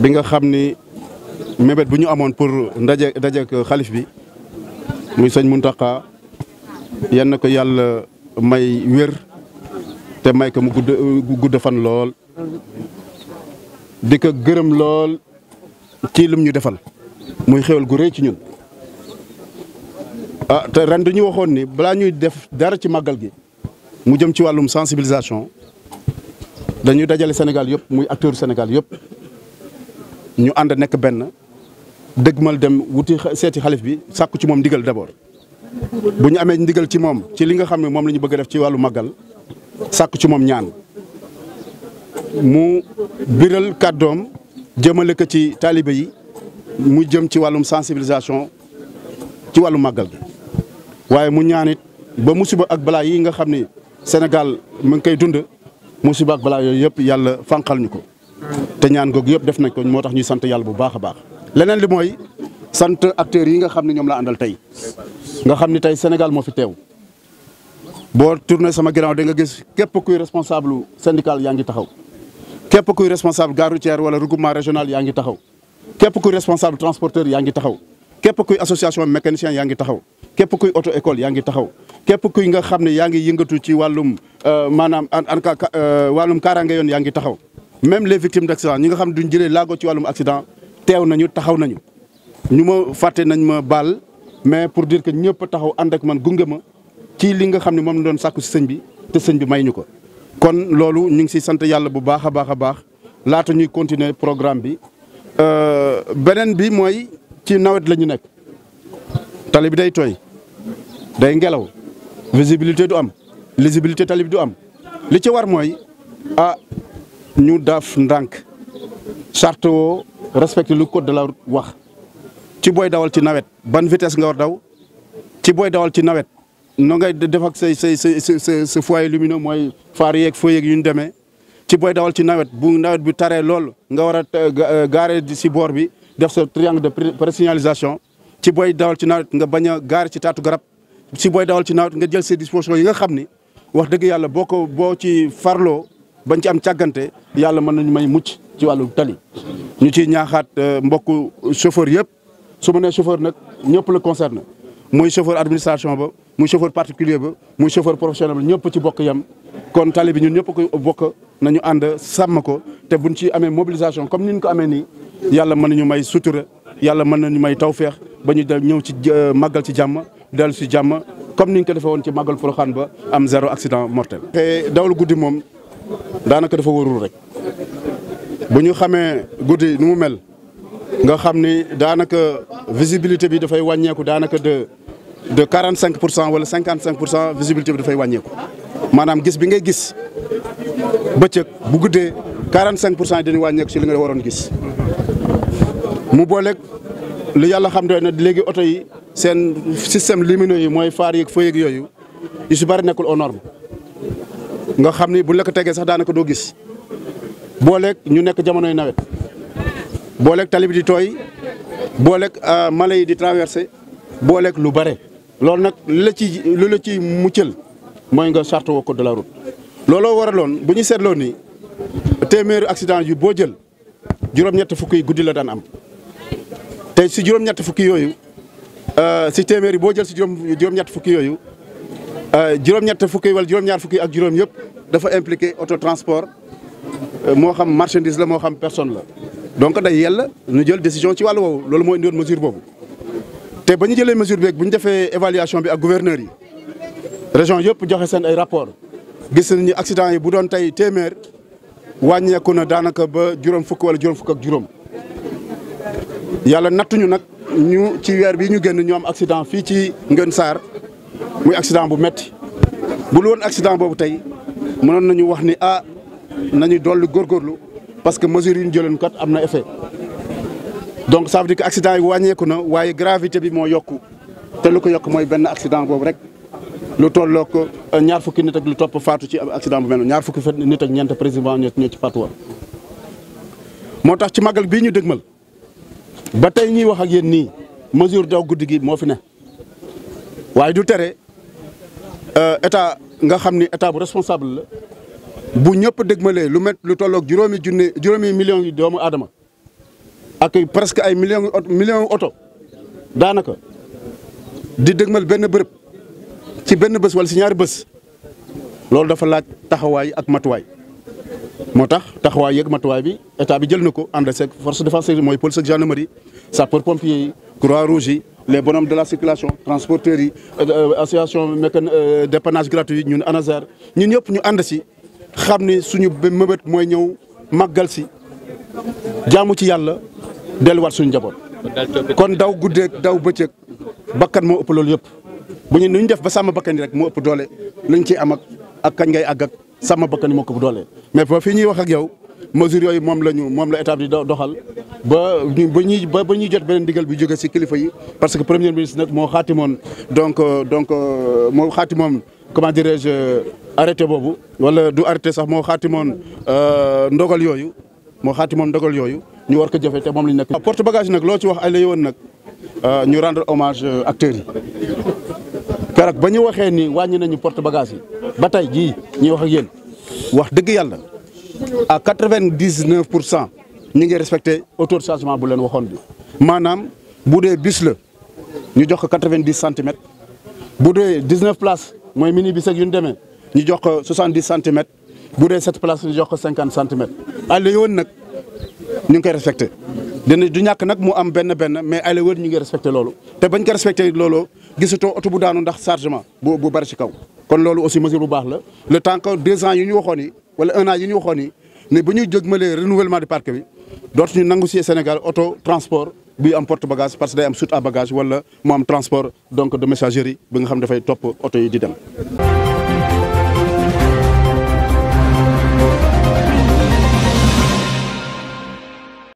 bi nga xam ni mébét bu ñu amoon pour ndaje ndaje ak xalif bi muy sëñ Muntaqa yan na ko yàlla may wér te may ko mu gudd fan lool di ko gërëm lool ci lum ñu defal muy xéwal gu rëy ci ñun a ah, te ren dañuy waxoon ni balaa ñuy def dara ci màggal gi mu jëm ci wàllum sensibilisation dañuy dajale Sénégal yëpp muy acteur Sénégal yëpp ñu ànd nekk benn mal dem wuti seeti xalif bi sàkku ci moom ndigal d'abord bu ñu amee ndigal ci moom ci li nga xam ne moom lañu bëgg a def ci wàllu màggal sàkku ci moom ñaan mu biral kàddoom jëmale ko ci taalibe yi mu jëm ci wàllum sensibilisation ci wàllu màggal gi waaye mu ñaanit ba mu musiba ak balaa yi nga xam ni Sénégal mu ngi koy dund musiba ak balaa yooyu yëpp yàlla fànqal ñu ko te ñaan googu yëpp def nañ ko moo tax ñuy sant yàlla bu baax a baax leneen li mooy sant acteurs yi nga xam ne ñoom la àndal tey nga xam ne tey Sénégal moo fi teew boo tourné sama ginnaaw da nga gis képp kuy responsable syndical yaa ngi taxaw képp kuy responsable gare wala regroupement régional yaa ngi taxaw képp kuy responsable transporteur yaa ngi taxaw képp kuy association mécanicien yaa ngi taxaw képp kuy auto école yaa ngi taxaw képp kuy nga xam ne yaa ngi yëngatu ci wàllum euh, maanaam en euh, wàllum kaaraange yoon yaa ngi taxaw même les victimes d' accident ñi nga xam duñ jëlee laago ci wàllum accident teew nañu taxaw nañu ñu ma fàtte nañ ma baal mais pour dire que ñëpp taxaw ànd ak man gunge ma ci li nga xam ne moom la doon sàkku si sëñ bi te sëñ bi may ñu ko. kon loolu ñu ngi siy sant yàlla bu baax a baax a baax laata ñuy continuer programme bi euh, beneen bi mooy ci nawet la ñu nekk tali bi day tooy day ngelaw visibilité du am lisibilité tali bi du am li ci war mooy ah, ñu daf ndànk charte woo respecté lu code de la route wax ci booy dawal ci nawet ban vitesse nga daw ci booy dawal ci nawet no ngay def ak say say say sa foyer lumineux mooy faar yeeg feu yeeg yu ñu demee ci booy dawal ci nawet bu nawet bi taree lool nga war a euh, gaare si boor bi def sa triangle de présignalisation ci booy dawal ci nawet nga bañ a gaare ci taatu garab si booy dawal ci nawet nga jël ses dispositions yi nga xam ni wax dëgg yàlla boo ko boo ci farloo bañ ci am yàlla mën nañu may mucc ci wàllu tali. ñu ciy ñaaxaat euh, mbokk chauffeur yëpp su ma nee chauffeur nag ñëpp la concerné muy chauffeur administration ba muy chauffeur particulier ba muy chauffeur professionnel ba ñëpp ci bokk yam kon tali bi ñun ñëpp ko bokk na ñu ànd sàmm ko te bu nu ci amee mobilisation comme ni ñu ko amee nii yàlla mën nañu may sutura yàlla mën ñu may tawféex ba ñu dem ñëw ci euh, màggal ci jàmm dellu si jàmm comme ni ñu ko defee woon ci màggal Porokhane ba am zéro accident mortel. daanaka dafa wóorul rek bu ñu xamee guddi nu mu mel nga xam ni daanaka visibilité bi dafay wàññeeku daanaka de de quarante cinq pour cent wala cinquante cinq pour cent visibilité bi dafay wàññeeku maanaam gis bi ngay gis bëccëg bu guddee quarante cinq pour cent yi dañuy wàññeeku si li nga waroon gis mu booleeg lu yàlla xam doy na léegi oto yi seen système lumineux yi mooy faar yeeg feu yeeg yooyu yu si bari nekkul aux normes nga xam ni bu la tegee sax daanaka doo gis booleeg ñu nekk jamonoy nawet booleeg tali bi di tooy booleeg euh, mala yi di traversé booleeg lu bare. loolu nag li ci lu la mu muccal mooy nga charte woo de la route looloo waraloon bu ñu seetloo ni téeméeri accident yu boo jël juróom-ñett fukki yi la daan am te si juróom-ñett fukki yooyu euh, si téeméeri boo jël si juróom juróom-ñett fukki yooyu. Euh, juróom-ñett fukki wala juróom-ñaar fukki ak juróom yëpp dafa impliqué auto transport euh, moo xam marchandise la moo xam personne la donc day yell ñu jël décision ci wàllu woowu loolu moo indiwoon mesure boobu te ba ñu jëlee mesure beeg bu ñu defee évaluation bi ak gouverneur yi région yëpp joxe seen ay rapport gis ni accident yi bu doon tey téeméer wàññeeku na daanaka ba juróom fukk wala juróom fukk ak juróom yàlla nattuñu nag ñu ci weer bi ñu génn ñu am accident fii ci Ngën Saar muy accident bu metti bu lu woon accident boobu tey mënoon nañu wax ni ah na nañu dolli góorgóorlu parce que mesures yi ñu jëloon kat am na effet donc ça veut dire que accident yi wàññeeku na waaye gravité bi moo yokku te lu ko yokk mooy benn accident boobu rek lu tolloo ko euh, ñaar fukki nit ak lu topp faatu ci accident bu mel ñaar fukki nit ak ñeent président ñoo ci faatu woon moo tax ci magal bi ñu dëgmal ba tey ñuy wax ak yéen nii mesure daw guddi gi moo fi ne Euh, état nga xam ni état bu responsable la bu ñëpp dégmalee lu met lu tolloog juróomi junne juróomi millions yi doomu adama ak presque ay millions millions oto daanaka di dégmal benn bërëb ci benn bés wala si ñaari bés loolu dafa laaj taxawaay ak matuwaay moo tax taxawaay yeeg matuwaay bi état bi jël na ko ànd ak force de défense mooy police ak gendarmerie sapeur pompier yi croix rouge les bonhommes de la circulation transporteurs yi euh, association mécan euh, dépannage gratuit ñun ANASAR ñun ñëpp ñu ànd si xam ne suñu mëbët mooy ñëw màggal si jaamu ci yàlla delluwaat suñu njaboot. kon daw guddeeg daw bëccëg bakkan moo ëpp loolu yëpp bu ñu nu ñu def ba sama bakkan yi rek moo ëpp doole luñ ci am ak ak kañ ngay àgg ak sàmm bakkan yi moo ko doole mais ba fii ñuy wax ak yow mesures yooyu moom la ñu moom la état bi doxal. ba ba ñuy ba ba ñuy jot beneen ndigal bi jóge si kilifa yi parce que premier ministre nag moo xaatimoon donc euh, donc euh, moo moom comment dirais-je arrêté boobu wala du arrêté sax moo xaatimoon euh, ndogal yooyu moo xaatimoon ndogal yooyu ñu war ko jëfe te moom lañ nekk. Ah, porte bagage nag loo ci wax ale la yowoon nag ñu rendre hommage acteurs yi keroog ba ñu waxee ni wàññi nañu porte bagage yi ba tey jii ñuy wax ak yéen wax dëgg yàlla à quatre-vingt-dix-neuf pour cent. ñu ngi auto autochargement bu leen waxoon bi maanaam bu dee bis la ñu jox ko quatre-vingt-dix centimètres bu dee dix-neuf places mooy mini bus ak yu ñu demee ñu jox ko soixante-dix centimètres bu dee sept places ñu jox ko cinquante centimètres. allé woon nag ñu ngi koy respecté dina du ñàkk nag mu am benn benn mais allé woon ñu ngi respecté loolu te bañ ko respecté loolu gisatoo oto bu daanu ndax chargement bu bari ci kaw. kon loolu aussi mesure bu baax la le temps que deux ñu waxoon yi wala un an yi ñu waxoon yi ne bu ñuy jóg ma lee bi. dootuñu nangu si Sénégal auto transport bi am porte bagage parce que day am soute à bagage wala mu am transport donc de messagerie bi nga xam dafay topp auto yi di dem.